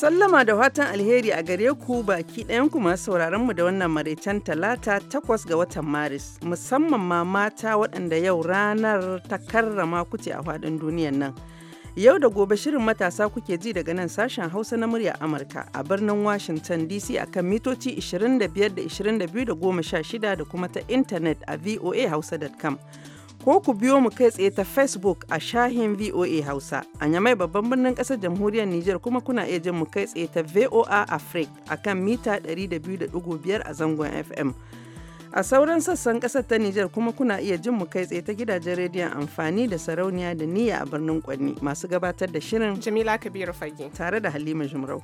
Sallama da watan alheri a gare ku baki ku masu sauraron mu da wannan maraicen talata takwas ga watan Maris musamman ma mata waɗanda yau ranar ta karrama kuce a faɗin duniyan nan. Yau da gobe shirin matasa kuke ji daga nan sashen Hausa na murya Amurka a birnin Washington DC akan mitoci 25 da 22 da 16 da kuma ta intanet a voahausa.com. ko ku biyo mu kai tsaye ta Facebook a shahin VOA Hausa. A nyamai babban birnin ƙasar jamhuriyar Nijar kuma kuna iya jin mu kai tsaye ta VOA Africa a kan mita 200.5 a zangon FM. A sauran sassan ƙasar ta Nijar kuma kuna iya jin mu kai tsaye ta gidajen rediyon amfani da sarauniya da niyya a birnin Kwanni masu gabatar da shirin Jamila Kabiru Fage tare da Halima Jumrau.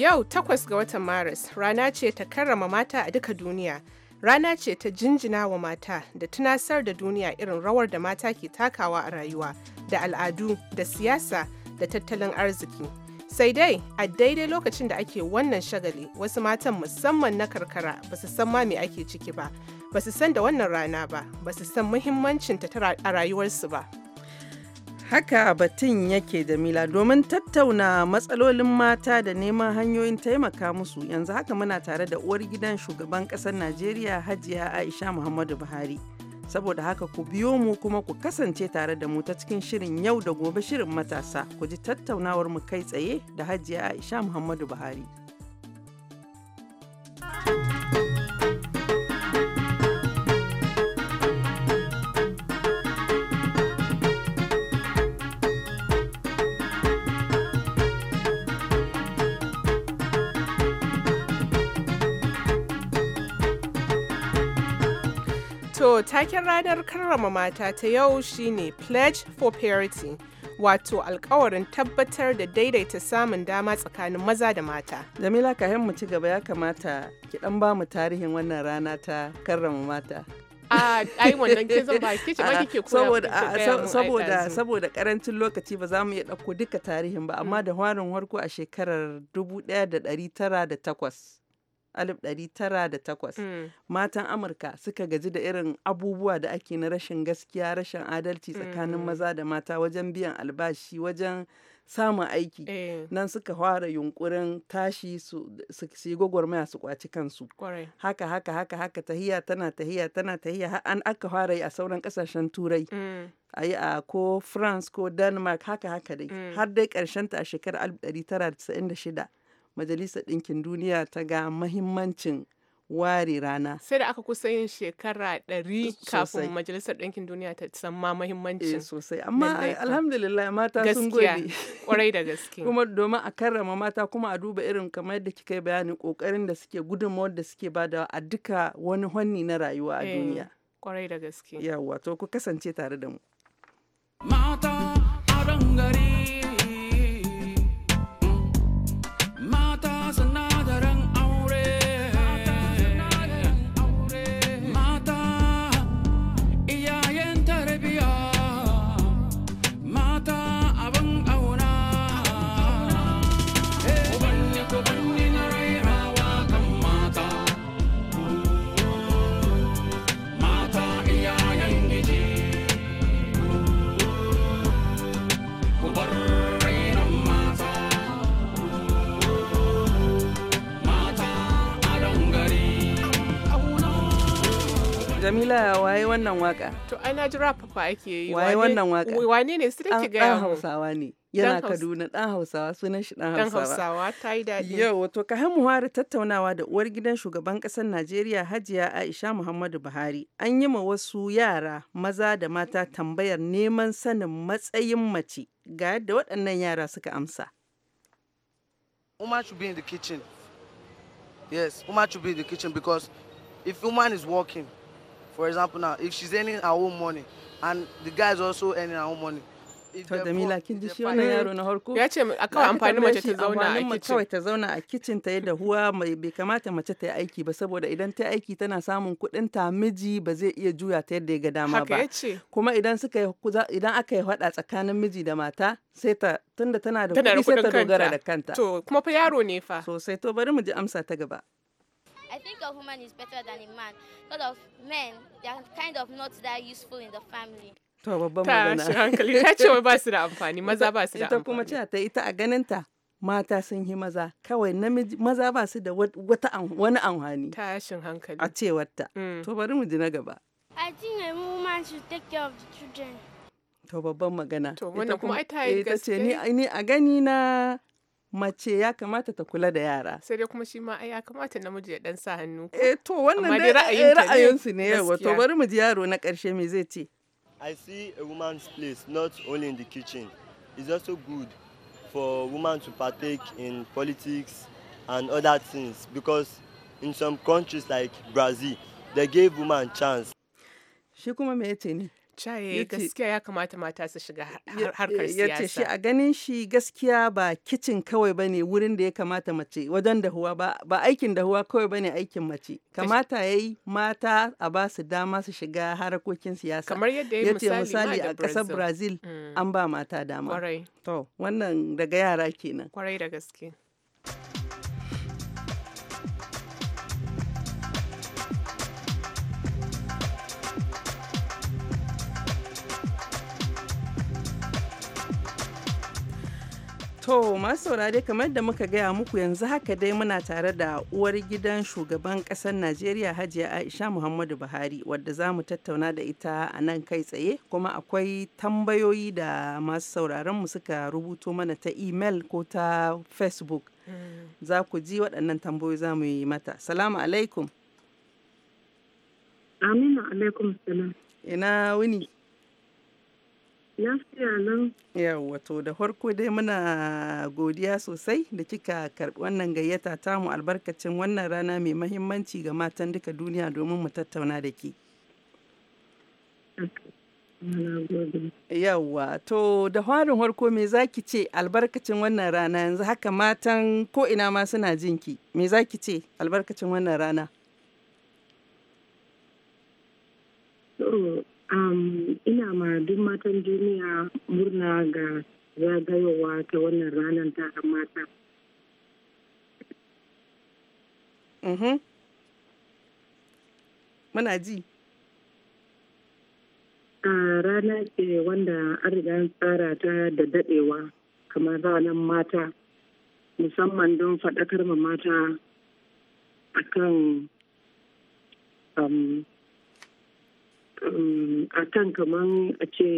Yau takwas ga watan Maris rana ce ta karrama mata a duka duniya. Rana ce ta jinjina wa mata da tunasar da duniya irin rawar da mata ke takawa a rayuwa da al'adu da siyasa da tattalin arziki. Sai dai a daidai lokacin da ake wannan shagali wasu matan musamman na karkara ba su san ma me ake ciki ba, ba su san da wannan rana ba, ba su san muhimmancinta a rayuwarsu ba. Haka batun yake da mila domin tattauna matsalolin mata da neman hanyoyin taimaka musu yanzu haka muna tare da uwar gidan shugaban ƙasar Najeriya Hajiya Aisha Muhammadu Buhari. Saboda haka ku biyo mu kuma ku kasance tare da mu ta cikin shirin yau da gobe shirin matasa ku ji tattaunawar mu kai tsaye da Hajiya Aisha Muhammadu Buhari. Taken ranar karrama mata ta yau shine Pledge for Parity, wato alkawarin tabbatar da daidaita samun dama tsakanin maza da mata. Jamila kayan mu ci gaba ya kamata ki dan ba mu tarihin wannan rana ta karrama mata. saboda karancin lokaci ba za mu iya dauko duka tarihin ba amma da hwarin warko a shekarar 1908 1908 mm. matan amurka suka gaji da irin abubuwa da ake na rashin gaskiya rashin adalci tsakanin mm-hmm. maza da mata wajen biyan albashi wajen samun aiki eh. nan suka fara yunkurin tashi su yi gwagwarmaya su kwaci kansu haka haka haka haka tahiya tana tahiya tana tahiya an aka fara yi a sauran kasashen turai mm. a yi a ko france ko denmark haka haka dai mm. har dai karshen ta a shekarar 1996 Majalisar Ɗinkin Duniya ta ga mahimmancin ware rana. Sai da aka kusa yin shekara ɗari kafin Majalisar Ɗinkin Duniya ta san ma Eh, sosai, amma alhamdulillah mata sun gode. kwarai da gaske. kuma domin a karrama mata kuma a duba irin kamar yadda kika yi bayani ƙoƙarin da suke gudunmawar da suke da a duka wani hanni na rayuwa a eh, duniya. Kwarai da gaske. Yawwa, to ku kasance tare da mu. Mata a gari. wannan waka? To ai na ji fa ake yi. Waye wannan waka? Wane ne su dake gaya hau? Hausawa ne. yana Kaduna ɗan Hausawa sunan shi ɗan Hausawa. Ɗan Hausawa ta yi daɗi. Yau wato ka muhari tattaunawa da uwar gidan shugaban ƙasar Najeriya Hajiya Aisha Muhammadu Buhari. An yi ma wasu yara maza da mata tambayar neman sanin matsayin mace ga yadda waɗannan yara suka amsa. umar should be in the kitchen. Yes, should be in the kitchen because if woman is working, For example, now if she's earning her own money and the guy is also earning her own money. To da kin ji shi yaro na harko. Ya kawai amfanin mace ta zauna a kicin. ta zauna a kicin mai bai kamata mace ta yi aiki ba saboda idan ta yi aiki tana samun kuɗin ta miji ba zai iya juya ta yadda ya ga dama ba. Kuma idan aka yi hada tsakanin miji da mata sai ta tunda tana da kuɗi sai ta dogara da kanta. To kuma fa yaro ne fa. Sosai to bari mu ji amsa ta gaba. I think a woman is better than a man. Because of men, they are kind of not that useful in the family. To babban magana. Ta hankali ta ce wai ba su da amfani, maza ba su da amfani. Ita kuma ce ta ita a ganin ta mata sun yi maza kawai namiji maza ba su da wata wani amfani. Tashin hankali. A cewarta. Mm. To bari mu ji na gaba. I think a woman should take care of the children. To babban magana. To wannan kuma ai ta yi gaske. Eh, ita ce ni a gani na mace ya kamata ta kula da yara. Sai dai kuma shi ma ya kamata namiji ya dan sa hannu. Eh to wannan dai ra'ayinsu ne yawa to bari mu ji yaro na karshe me zai ce. I see a woman's place not only in the kitchen. It's also good for women to partake in politics and other things because in some countries like Brazil, they gave women chance. Shi kuma me yace ne? Caye gaskiya ya kamata mata su shiga harkar siyasa. Yace shi a ganin shi gaskiya ba kicin kawai bane wurin da ya kamata mace wajen dahuwa ba ba aikin dahuwa kawai bane aikin mace. Kamata yayi mata a ba su dama su shiga harkokin siyasa. Kamar yadda ya misali, misali a ƙasar Brazil mm. an ba mata dama. Kwarai. To wannan daga yara kenan. Kwarai da gaske. To masu saurare kamar da muka gaya muku yanzu haka dai muna tare da uwar gidan shugaban kasar Najeriya Hajiya Aisha Muhammadu Buhari wadda za mu tattauna da ita a nan kai tsaye kuma akwai tambayoyi da masu sauraron mu suka rubuto mana ta email ko ta Facebook. Mm. Za ku ji waɗannan tambayoyi za mu yi mata. Salamu alaikum. Aminu alaikum salam. Ina wuni. Lafiya to da farko dai muna godiya sosai da kika karɓi wannan gayyata tamu albarkacin wannan rana mai mahimmanci ga matan duka duniya domin mu tattauna da ke. Yawwa to da farin harko me zaki ce albarkacin wannan rana yanzu haka matan ko ina ma suna jinki me zaki ce albarkacin wannan rana? Um, duk matan duniya murna ga zagayowa ta wannan ranar taron mata. Mhm. Muna ji. rana ce wanda an riga tsara ta da daɗewa kamar ranar mata musamman don faɗakar ma mata a kan um, Um, a kan kamar a ce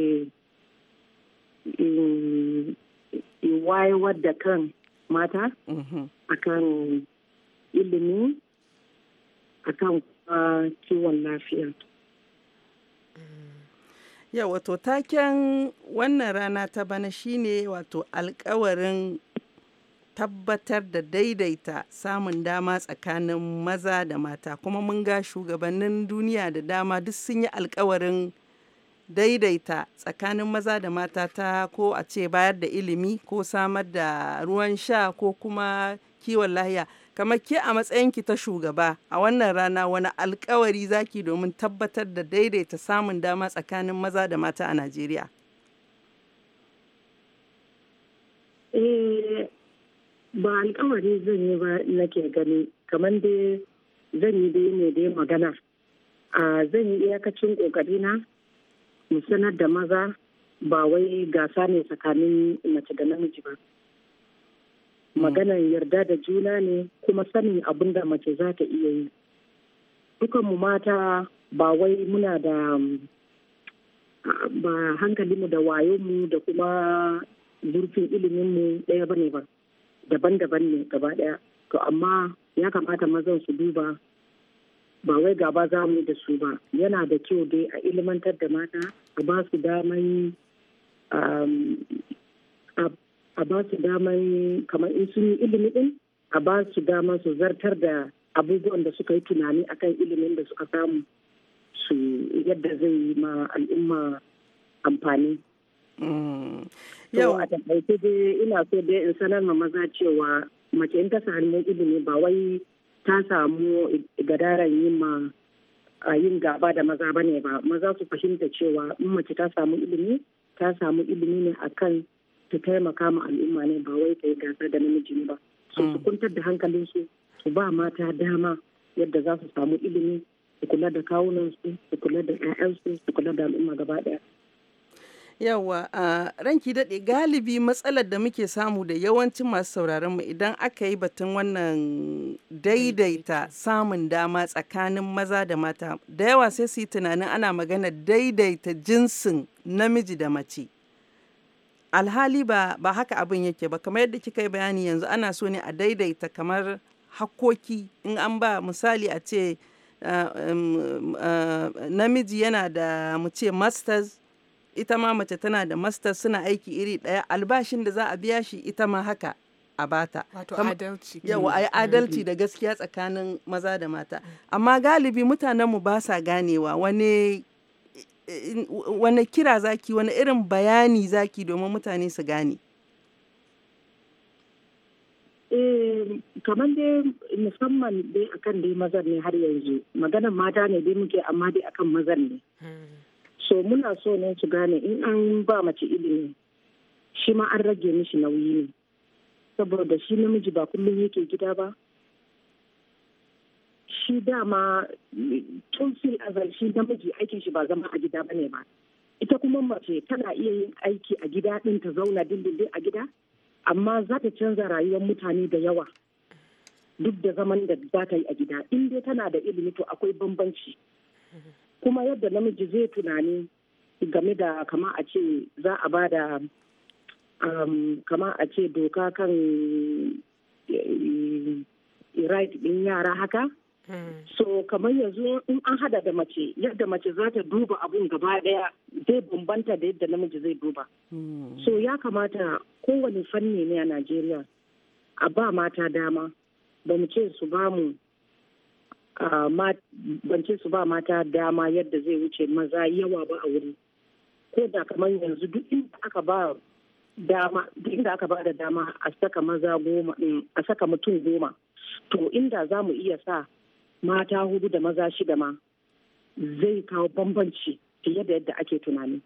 wayewar da kan mata mm-hmm. a kan ilimi a kan kiwon lafiya. Yau wato taken wannan rana ta bana shine wato alkawarin tabbatar da daidaita samun dama tsakanin maza da mata kuma mun ga shugabannin duniya da dama duk sun yi alkawarin daidaita tsakanin maza da mata ta ko a ce bayar da ilimi ko samar da ruwan sha ko kuma kiwon lahiya kamar ke a matsayinki ta shugaba a wannan rana wani alkawari zaki domin tabbatar da daidaita samun dama tsakanin maza da mata a najeriya eh, ba alkawari zan yi ba nake gani kamar dai zan yi dai ne dai magana a zan yi iyakacin kokari na mu sanar da maza ba wai gasa ne tsakanin mace da namiji ba maganar yarda da juna ne kuma sanin abin da mace za ta iya yi dukanmu mata ba wai muna da ba hankalinmu da wayonmu da kuma zurfin iliminmu ɗaya ba ne ba daban-daban ne gaba daya to amma ya kamata mazan su duba ba wai gaba za mu da su ba yana da kyau dai a ilmantar da mata a ba su daman um, a ba su daman kamar in sun yi ilimi din a ba su daman su zartar da abubuwan da suka yi tunani akan ilimin da suka samu su yadda zai yi ma al'umma amfani Mm. yau a taƙaice dai ina so dai in sanar ma maza cewa mace in ta samu ilimi ba wai ta samu gadaran yin ma a yin gaba da maza ba ne ba maza su fahimta cewa in mace ta samu ilimi ta samu ilimi ne akan ta taimaka ma al'umma ne ba wai ta yi gasar da namiji ba su mm. kuntar da hankalinsu su ba mata dama yadda za su samu ilimi su kula da kawunansu su kula da 'ya'yansu su kula da al'umma gaba daya. Yawa a ranki daɗe galibi matsalar da muke samu da yawancin masu sauraron mu idan aka yi batun wannan daidaita samun dama tsakanin maza da mata da yawa sai su yi tunanin ana magana daidaita jinsin namiji da mace. Alhali ba, ba haka abin yake ba kamar yadda kika yi bayani yanzu ana so ne a daidaita kamar hakkoki in an ba misali a ce namiji yana da mu ce masters ita ma mace tana da master suna aiki iri daya albashin da za a biya shi ita ma haka a bata. adalci. Yawa a adalci mm. da gaskiya tsakanin maza da mata. Mm. Amma galibi mutanenmu ba sa ganewa wani wani kira zaki wani irin bayani zaki domin mutane su gane. Eh, kamar dai musamman dai akan dai mazan ne har yanzu maganar mata ne dai muke amma dai akan mazan ne. Mm. so muna so ne su gane in an ba mace ilimi shi ma an rage mishi nauyi ne saboda shi namiji ba kullum yake gida ba shi dama tun fil azal shi namiji aikin shi ba zama a gida bane ba ita kuma mace tana iya yin aiki a gida din ta zauna dindindin a gida amma za ta canza rayuwar mutane da yawa duk da zaman da za ta yi a gida in dai tana da ilimi to akwai bambanci kuma yadda namiji zai tunani game da kama a ce za a ba da um, kama a ce doka kan eh, right din yara haka hmm. so kamar yanzu in an hada da mace yadda mace za ta duba abun gaba daya zai bambanta da yadda namiji zai duba hmm. so ya kamata kowane fanni ne a najeriya a ba mata dama ba mu ce su ba mu bance su ba mata dama yadda zai wuce maza yawa ba a wuri ko da kamar yanzu duk inda aka ba dama duk inda aka ba da dama a saka maza goma mm, a saka mutum goma to inda za mu iya sa mata hudu da maza shida ma zai kawo bambanci fiye da yadda ake tunani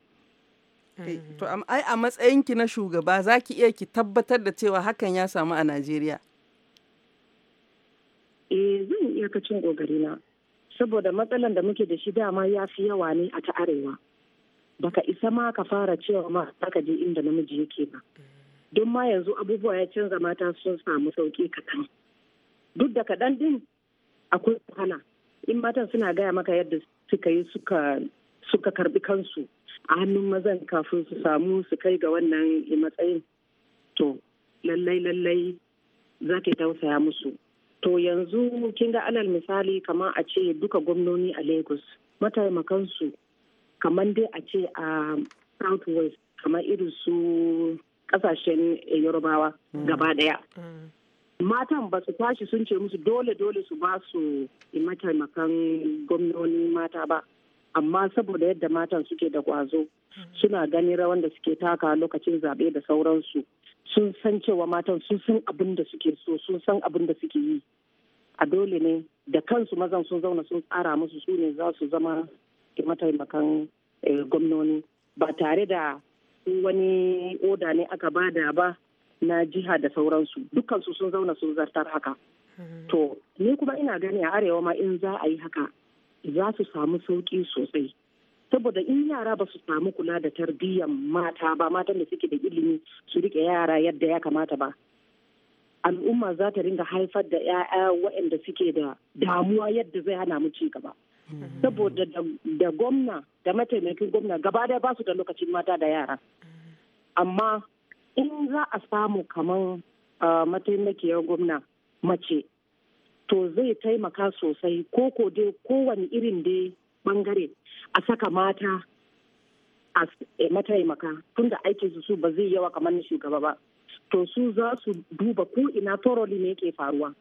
eh, to ai a matsayinki na shugaba za ki iya ki tabbatar da cewa hakan ya samu a najeriya eh zan iyakacin gogari na saboda matsalan da muke da shi dama ya fi yawa ne a ta arewa baka isa ma ka fara cewa ma ka je inda namiji yake ba don ma yanzu abubuwa ya canza mata sun samu sauƙi kaɗan duk da kaɗan din akwai wahala in matan suna gaya maka yadda suka yi suka karbi kansu a hannun mazan kafin su samu su kai ga wannan matsayin to lallai lallai za ka tausaya musu to yanzu kin ga alal misali kamar a ce duka gwamnoni a lagos mataimakansu kamar dai a ce a south west kamar irin su kasashen eh, yorubawa gaba daya matan ba su tashi sun ce musu dole dole su ba su mataimakan gwamnoni mata ba amma saboda yadda matan suke da kwazo suna ganin rawan da suke taka lokacin zaɓe da sauransu sun san cewa matan sun san abin da suke so sun san abin da suke yi a dole ne da kansu mazan sun zauna sun tsara musu su ne za su zama mataimakan eh, gwamnoni ba tare da wani oda ne aka bada ba na jiha da sauransu dukansu sun zauna sun zartar haka hmm. to ni kuma ina gani a arewa ma in za a yi haka za su samu sauƙi sosai saboda in yara ba su samu kula da tarbiyyar mata ba matan da suke da ilimi su rike yara yadda ya kamata ba al'umma za ta ringa haifar da 'ya'ya waɗanda suke da damuwa yadda zai hana mu ci gaba mm-hmm. saboda da gwamna da mataimakin gwamna gaba ɗaya ba su da lokacin mata da yara mm-hmm. amma in za a samu kamar mataimakiyar gwamna mace to zai taimaka sosai ko ko dai kowane irin dai bangare a saka mata a eh, mataimaka tunda aikin su ba zai yawa kamar na shugaba ba to su za su duba ko ina toroli ne ke faruwa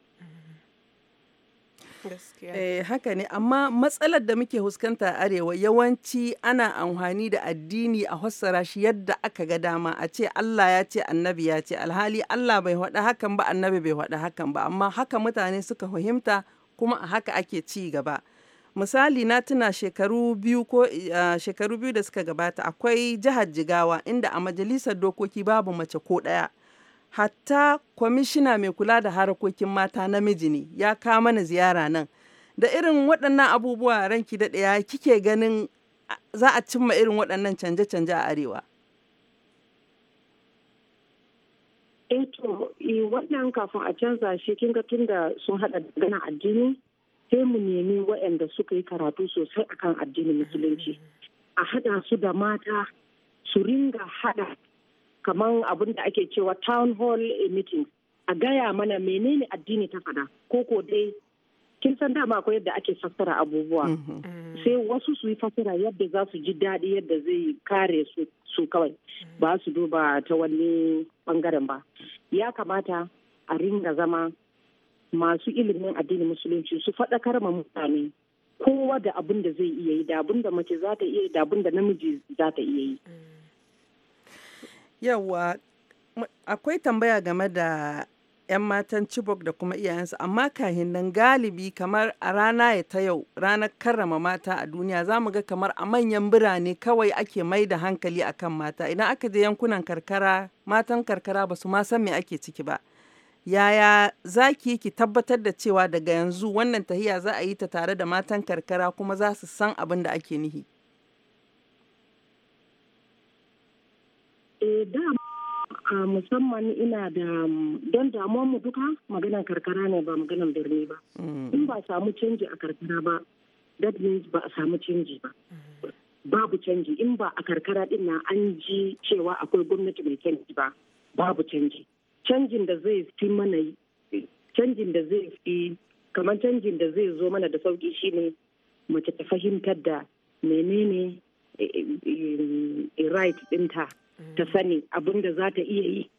Eh, haka ne amma matsalar da muke huskanta arewa yawanci ana amfani da addini a hassara shi yadda aka ga dama a ce Allah ya ce annabi ya ce alhali Allah bai haɗa hakan ba annabi bai haɗa hakan ba amma haka mutane suka fahimta kuma a haka ake ci gaba. misali na tuna shekaru biyu ko shekaru biyu da suka gabata akwai jihar jigawa inda a majalisar dokoki babu mace ko ɗaya hatta kwamishina mai kula da harkokin mata namiji ne ya kawo mana ziyara nan da irin waɗannan abubuwa ranki da ɗaya kike ganin za a cimma irin waɗannan canje-canje a arewa eto eh eh, wannan kafin a canza shi kin ga tun da sun haɗa magana addini sai mu nemi waɗanda suka yi karatu sosai akan addinin musulunci a haɗa su da mata su ringa haɗa kamar abin da ake cewa town hall meeting a gaya mana menene addini ta faɗa ko ko dai kin san dama akwai yadda ake fassara abubuwa mm-hmm. mm. sai wasu su yi fassara yadda za su ji daɗi yadda zai kare su kawai mm. ba su duba ta wani bangaren ba ya kamata a ringa zama masu ilimin addinin musulunci su faɗakar ma mutane kowa da abin da zai iya yi da abin da mace za ta iya yi da abin da namiji za ta iya yi yawwa akwai tambaya game da 'yan matan Chibok da kuma iyayensu amma kahin nan galibi kamar a rana ya ta yau ranar karrama mata a duniya za mu ga kamar a manyan birane kawai ake mai da hankali akan mata idan aka je yankunan karkara matan karkara ba su ma san me ake ciki ba Yaya za ki yi ki tabbatar da cewa daga yanzu wannan tahiya za a yi ta tare da matan karkara kuma za su san abin da ake nihi? E musamman ina da don damuwar mu duka maganan karkara ne ba maganan birni ba. Mm. In ba samu canji a karkara ba, that means ba a samu canji ba. Mm. Babu canji in ba a karkara din na an ji cewa akwai gwamnati mai canji ba, babu canji. canjin da zai fi mana canjin da zai fi kamar canjin da zai zo mana da sauki shine mace ta fahimtar da menene eh, eh, eh, right dinta ta mm. sani abin da za ta iya yi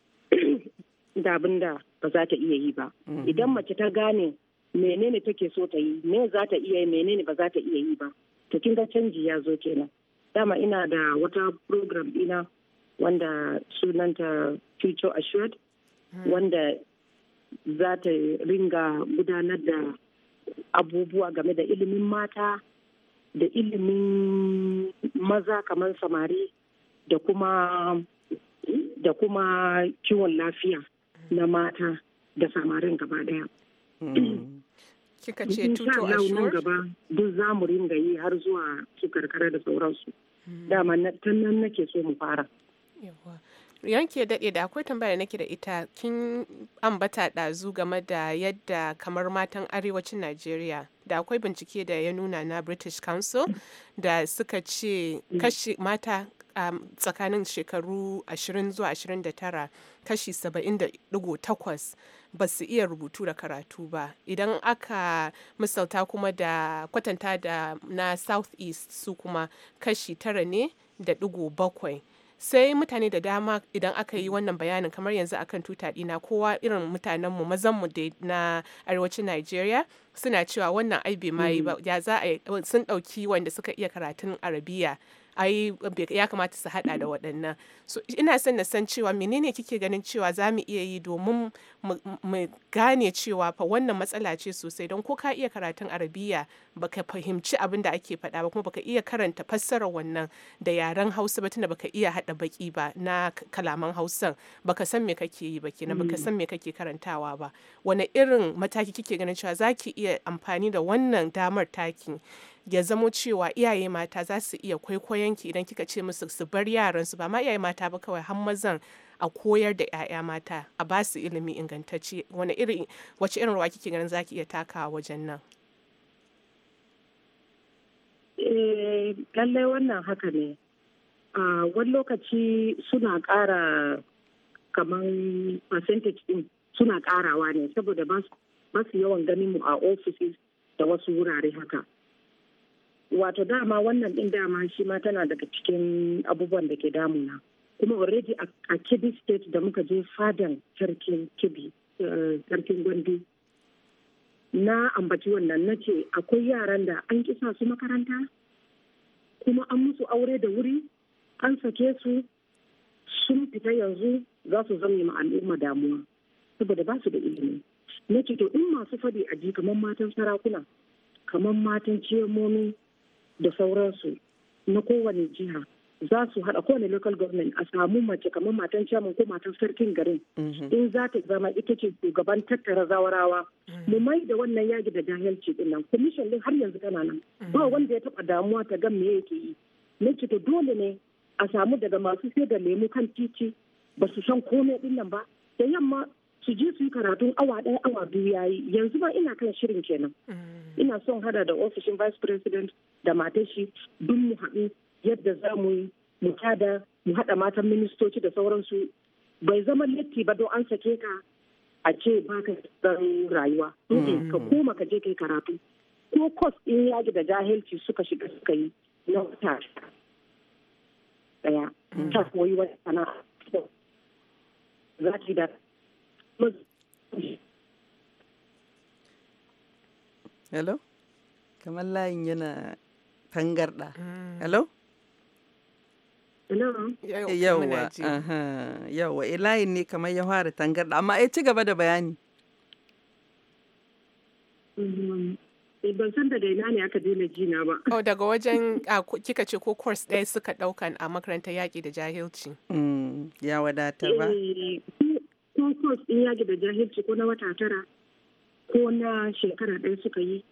da abin ba za ta iya yi ba mm-hmm. idan mace ta gane menene take so ta yi me za ta iya yi menene ba za ta iya yi ba to kin canji ya zo kenan dama ina da wata program dina wanda sunanta future assured wanda za ta ringa gudanar da abubuwa game da ilimin mata da ilimin maza kamar samari da kuma da kuma kiwon lafiya na mata da samarin gaba daya. Hmm. Kika ce nan gaba duk za mu ringa yi har zuwa su karkara da sauransu. Hmm. Dama tannan nake so mu fara. yanke daɗe da akwai tambaya da nake da ita kin ambata ɗazu game da yadda kamar matan arewacin najeriya da akwai bincike da ya nuna na british council mm. da suka ce mm. kashi mata um, tsakanin shekaru 20 zuwa 29 kashi 70.8 ba su iya rubutu da karatu ba idan aka misalta kuma da kwatanta da na southeast su kuma kashi tara ne da digo bakwai sai mutane da dama idan aka yi wannan bayanin kamar yanzu akan tuta dina kowa irin mutanenmu mazanmu da na arewacin Najeriya suna cewa wannan ai bai ba mm. ya za a sun ɗauki wanda suka iya karatun arabiya ai ya kamata su hada da waɗannan so ina son na san cewa menene kike ganin cewa za mu iya yi domin mu gane cewa fa wannan matsala ce sosai don ko ka iya karatun arabiya baka fahimci abin da ake faɗa ba kuma baka iya karanta fassarar wannan da yaren hausa ba tunda baka iya haɗa baki ba na kalaman hausan baka san me kake yi ba kenan baka san me kake karantawa ba wani irin mataki kike ganin cewa za ki iya amfani da wannan damar taki ya zamo cewa iyaye mata za su iya kwaikwayonki idan kika ce musu su bar yaransu ba ma iyaye mata ba kawai har mazan a koyar da 'ya'ya mata a ba su ilimi ingantacce wani irin wace irin rawa kike ganin zaki iya takawa wajen nan eh lallai wannan haka ne a wani lokaci suna ƙara kamar percentage din suna karawa ne saboda ba su yawan ganin mu a ofisi da wasu wurare haka wato dama wannan din dama shi ma tana daga cikin abubuwan da ke damuna kuma already a kibi state da muka je fadan sarkin kibi eh, sarkin gwandu na ambaci wannan na ce akwai yaran da an kisa su makaranta kuma an musu aure da wuri an sake su sun fita yanzu za su zama ma al'umma damuwa saboda ba su da ilimi na ce to in masu faɗi a ji kamar matan sarakuna kamar matan ciyamomi da sauransu na kowane jiha za su haɗa kowane local government a samu mace kamar matan chairman ko matan sarkin garin mhm. in za ta zama ita ce shugaban tattara zawarawa mhm. mu mai da wannan yaki da jahilci din nan commission din har yanzu tana nan mhm. ba wanda ya taɓa damuwa ta ga me yake yi na ce to dole ne a samu daga masu sai da lemu kan titi ba su san komai din nan ba da yamma su je su yi karatun awa ɗaya awa biyu yayi yanzu ma ina kan shirin kenan mm. ina son hada da ofishin vice president da matashi duk mu haɗu yadda za mu yi mu mu haɗa matan ministoci da sauransu bai zama latti ba don an sake ka a ce ba ka tsaron rayuwa mm. ka koma ka je kai karatu ko kos in yaji da jahilci suka shiga suka yi na wata ɗaya mm. ta koyi wata sana'a za ki da hello kamar layin yana tangarɗa mm. hello yawwa eh, yawwa eh, layin ne kamar ya fara tangarɗa amma ya eh, ci gaba da bayani mm-hmm. san daga ne aka daina jina ba. Oh, daga wajen kika ce ko course ɗaya suka ɗaukan a makarantar yaƙi da jahilci. Mm, ya wadata ba. course in yage da jahilci ko na wata tara ko na shekara ɗaya suka yi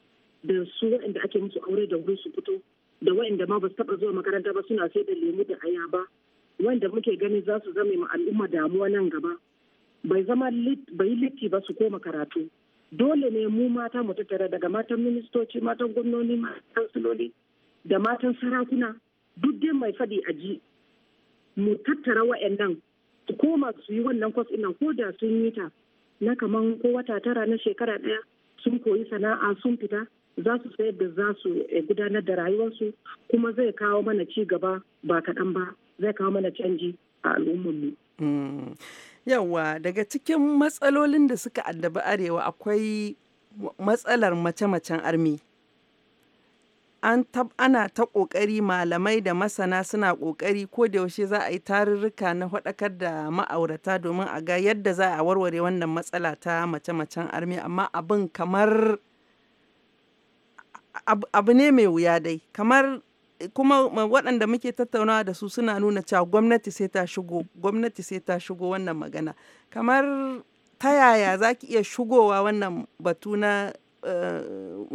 da su waɗanda ake musu aure da wuri su fito da waɗanda ma ba su taɓa zuwa makaranta ba suna sai da lemu da aya ba wanda muke gani za su zama ma al'umma damuwa nan gaba bai zama bai litti ba su koma karatu dole ne mu mata mu tattara daga matan ministoci matan gwamnoni matan siloli da matan sarakuna duk dai mai faɗi a ji mu tattara waɗannan su koma su yi wannan kwas ina ko da sun yi ta na kaman ko wata tara na shekara ɗaya sun koyi sana'a sun fita za su sayar da za su eh, gudanar da rayuwarsu kuma zai kawo mana ci gaba ba kaɗan ba zai kawo mana canji a al'ummarmu. Mm. Yawwa daga cikin matsalolin da suka addabi arewa akwai matsalar mace-macen armi. an tab ana ta ƙoƙari malamai da masana suna kokari ko da yaushe za a yi tarurruka na faɗakar da ma'aurata domin a ga yadda za a warware wannan matsala ta mace-macen armi amma abin kamar abu ne mai wuya dai kamar kuma waɗanda muke tattaunawa da su suna nuna cewa gwamnati sai ta shigo gwamnati sai ta shigo wannan magana kamar ta yaya za ki iya shigowa wannan batu na Eh,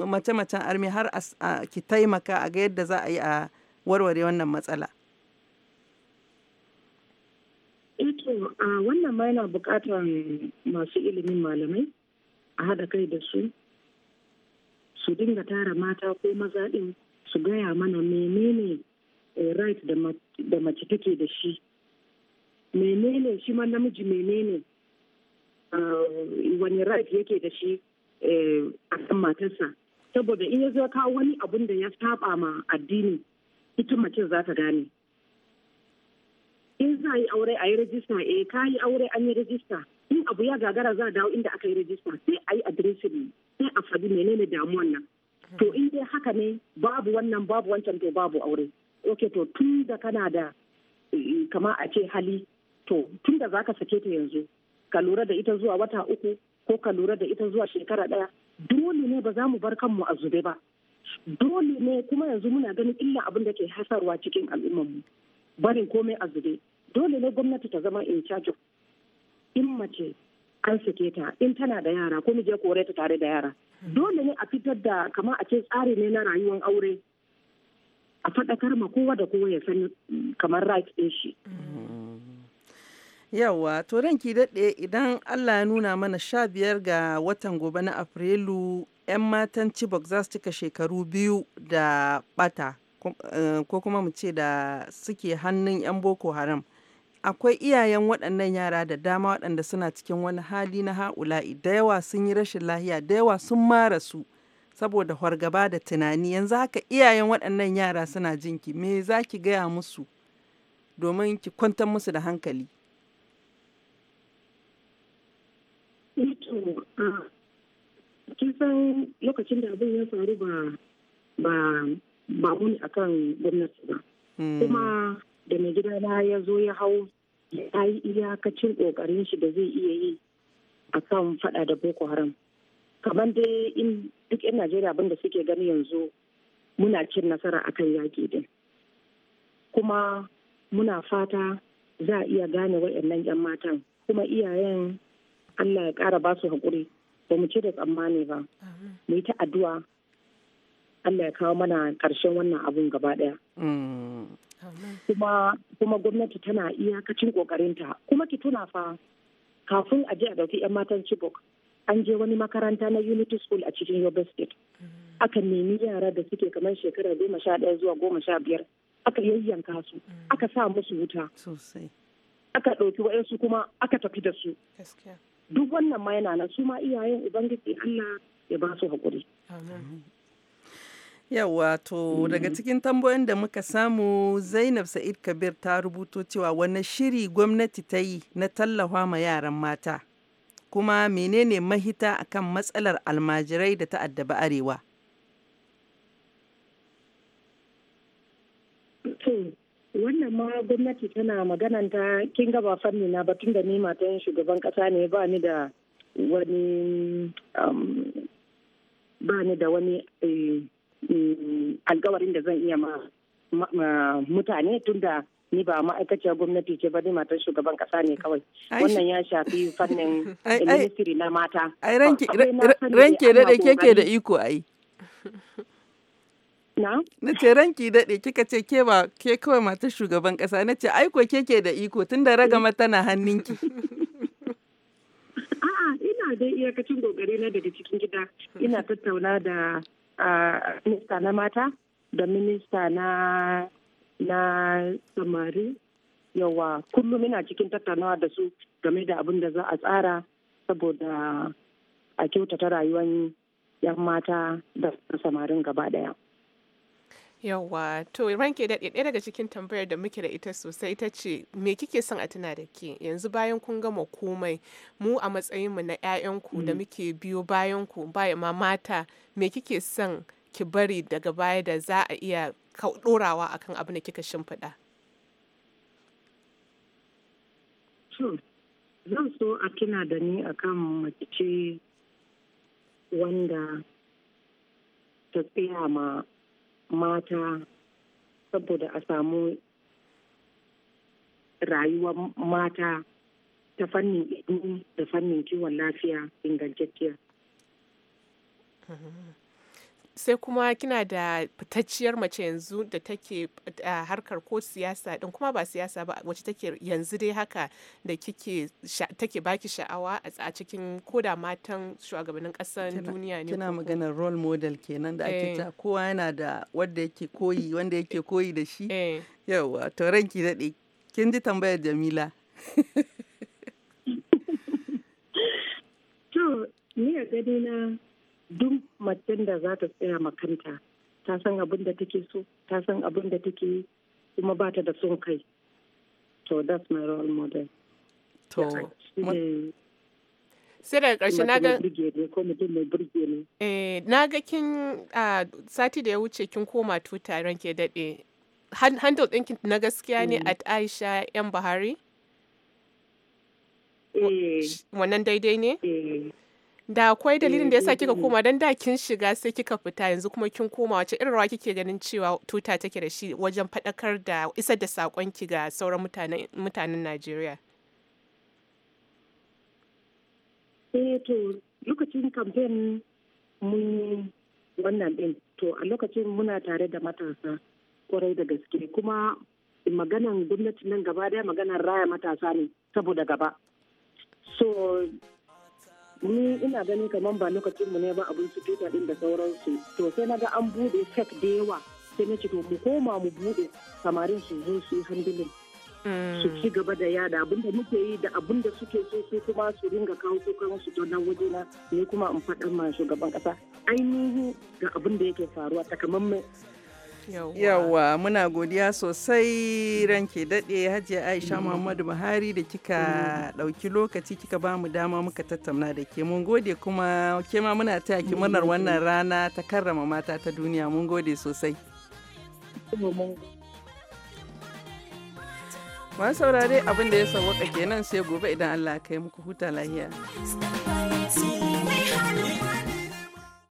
mace-macen armi har a ki taimaka a ga yadda za a yi a warware wannan matsala? Eh a wannan ma yana bukatar masu ilimin malamai a haɗa kai da su, su dinga tara mata ko maza ɗin su gaya mana menene eh, right da mace take da shi. Menene shi ma namiji menene wani right yake da shi Eh, a kan matarsa saboda in ya zo kawo wani abun da ya saba ma addini ita mace za ta gane in za yi aure a yi rajista e ka yi aure an yi rajista in abu ya gagara za a dawo inda aka yi rajista sai a yi adireshin sai a faɗi menene damuwan nan to in dai haka ne babu wannan babu wancan to babu aure ok to tun da kana da eh, kama a ce hali to tun da za ka sake ta yanzu ka lura da ita zuwa wata uku ko ka lura da ita zuwa shekara ɗaya dole ne ba za mu bar kanmu a zube ba dole ne kuma yanzu muna ganin illa abin da ke hasarwa cikin al'ummarmu barin komai a zube dole ne gwamnati ta zama in charge in mace an sake ta in tana da yara ko mu je kore ta tare da yara dole ne a fitar da kamar a ce tsari ne na rayuwar aure a faɗakar ma kowa da kowa ya san kamar right ɗin shi mm. Yawwa, to ranki daɗe idan Allah ya nuna mana sha biyar ga watan gobe na Afrilu 'yan matan Chibok za su cika shekaru biyu da bata eh, ko kuma mu ce da suke hannun 'yan Boko Haram. Akwai iyayen waɗannan yara da dama waɗanda suna cikin wani hali na ha'ula'i da yawa sun yi rashin lahiya da yawa sun mara su saboda hargaba da tunani yanzu haka iyayen waɗannan yara suna jinki me za ki gaya musu domin ki kwantar musu da hankali. kin san lokacin da abin ya faru ba ba ba a akan gwamnati ba hmm. kuma da mai gida na ya zo ya hau ya yi iyakacin kokarin shi da zai iya yi a kan fada da boko haram kamar dai in duk yan najeriya abin suke gani yanzu muna cin nasara akan yaƙi din kuma muna fata za a iya gane waɗannan 'yan matan kuma iyayen Allah ya ƙara ba su haƙuri ba mu ci da tsammani ba mu yi ta addu'a Allah ya kawo mana ƙarshen wannan abun gaba ɗaya. Mm. Kuma gwamnati tana iyakacin ƙoƙarinta kuma ki tuna fa kafin a je a ɗauki 'yan matan Chibok an je wani makaranta na Unity School a cikin Yobe State. Mm. Aka nemi yara da suke kamar shekara goma sha ɗaya zuwa goma sha biyar aka yayyanka su mm. aka sa musu wuta. Aka ɗauki wa'yansu kuma aka tafi da su. duk wannan ma yana nan su ma iyayen ubangiji Allah ya ba su haƙuri. Yawa to daga mm. cikin tambayoyin da muka samu Zainab Sa'id Kabir ta rubuto cewa wani shiri gwamnati ta yi na tallafa ma yaran mata kuma menene mahita akan matsalar almajirai da ta addaba arewa. wannan ma gwamnati tana maganan ta kin gaba fanni na ba da ni matan shugaban kasa ne ba ni da wani um, ba ni da wani eh, mm, alkawarin da zan iya ma mutane tun da ni ba ma'aikaciyar gwamnati ce ba ni matan shugaban kasa ne kawai wannan ya shafi fannin ministry na mata ai ranke da ke da iko ai Na? ce ranki daɗe kika ce ke ba ke kawai mata shugaban ƙasa na ce aiko keke da iko tun da ragama tana hannunki. A'a ina da iyakacin gogari na daga cikin gida ina tattauna da minista na mata da minista na na samari yawa kullum ina cikin tattaunawa da su game da abin da za a tsara saboda a kyautata rayuwan 'yan mata da samarin gaba ɗaya. Yawwa, to ranke daɗe ɗaya daga cikin tambayar da muke da ita sosai ita ce me kike son a tuna da ke yanzu bayan kun gama komai mu a matsayin mu na 'ya'yanku da mm. muke biyo bayan ku baya ma mata me kike son ki bari daga baya da za a iya ɗorawa akan abin da kika shimfiɗa. zan so a tuna da ni akan mace wanda ta tsaya ma mata saboda a samu rayuwar mata ta fannin ido da fannin kiwon lafiya ingantacciya. Mm-hmm. sai kuma kina da fitacciyar mace yanzu da take harkar ko siyasa din kuma ba siyasa ba wacce take yanzu dai haka da kike take baki sha'awa a cikin koda matan shugabannin kasar duniya ne kina maganar role model kenan da ake eh. ta kowa yana da wanda yake koyi wanda yake eh. koyi da shi eh. yawa to ranki daɗe kin ji tambayar jamila to ni a gadina duk macen da za ta tsaya makanta ta san abin da take so ta san abin da take yi kuma ba ta da son kai to that's my role model to sai daga ƙarshe na ga eh, na ga kin sati da ya wuce kin koma tuta ran ke daɗe handle ɗinkin na gaskiya ne mm. at aisha yan buhari eh. wannan daidai ne eh. da akwai dalilin da yasa kika mm, mm, koma mm. dan da kin shiga sai kika fita yanzu kuma kin koma wace irin rawa kike ganin cewa tuta take da shi wajen faɗakar da isar da sakon ki ga sauran mutanen Najeriya eh to lokacin kamfen mun wannan din to a lokacin muna tare da matasa kwarai da gaske kuma maganan gwamnati nan gaba daya maganar raya matasa ne saboda gaba so ni ina ganin kamar ba lokacin mu ne ba abin su tuta din da sauransu to sai naga an bude fek da yawa sai na ce to mu koma mu bude samarin su zo su yi su mm. ci gaba da yada abin da muke yi da abin da suke so su kuma su ringa kawo kokarin su to nan waje na ne kuma in faɗa ma shugaban kasa ainihi ga abin da yake faruwa takamaiman Yawwa muna godiya sosai ranke daɗe Hajiya Aisha Muhammadu Buhari da kika ɗauki lokaci kika ba mu dama muka tattauna da ke mun gode kuma ke ma muna taya ki murnar wannan rana ta karrama mata ta duniya mun gode sosai. Masu saurare abin da ya sauwaka kenan sai gobe idan Allah ya kai muku huta lahiya.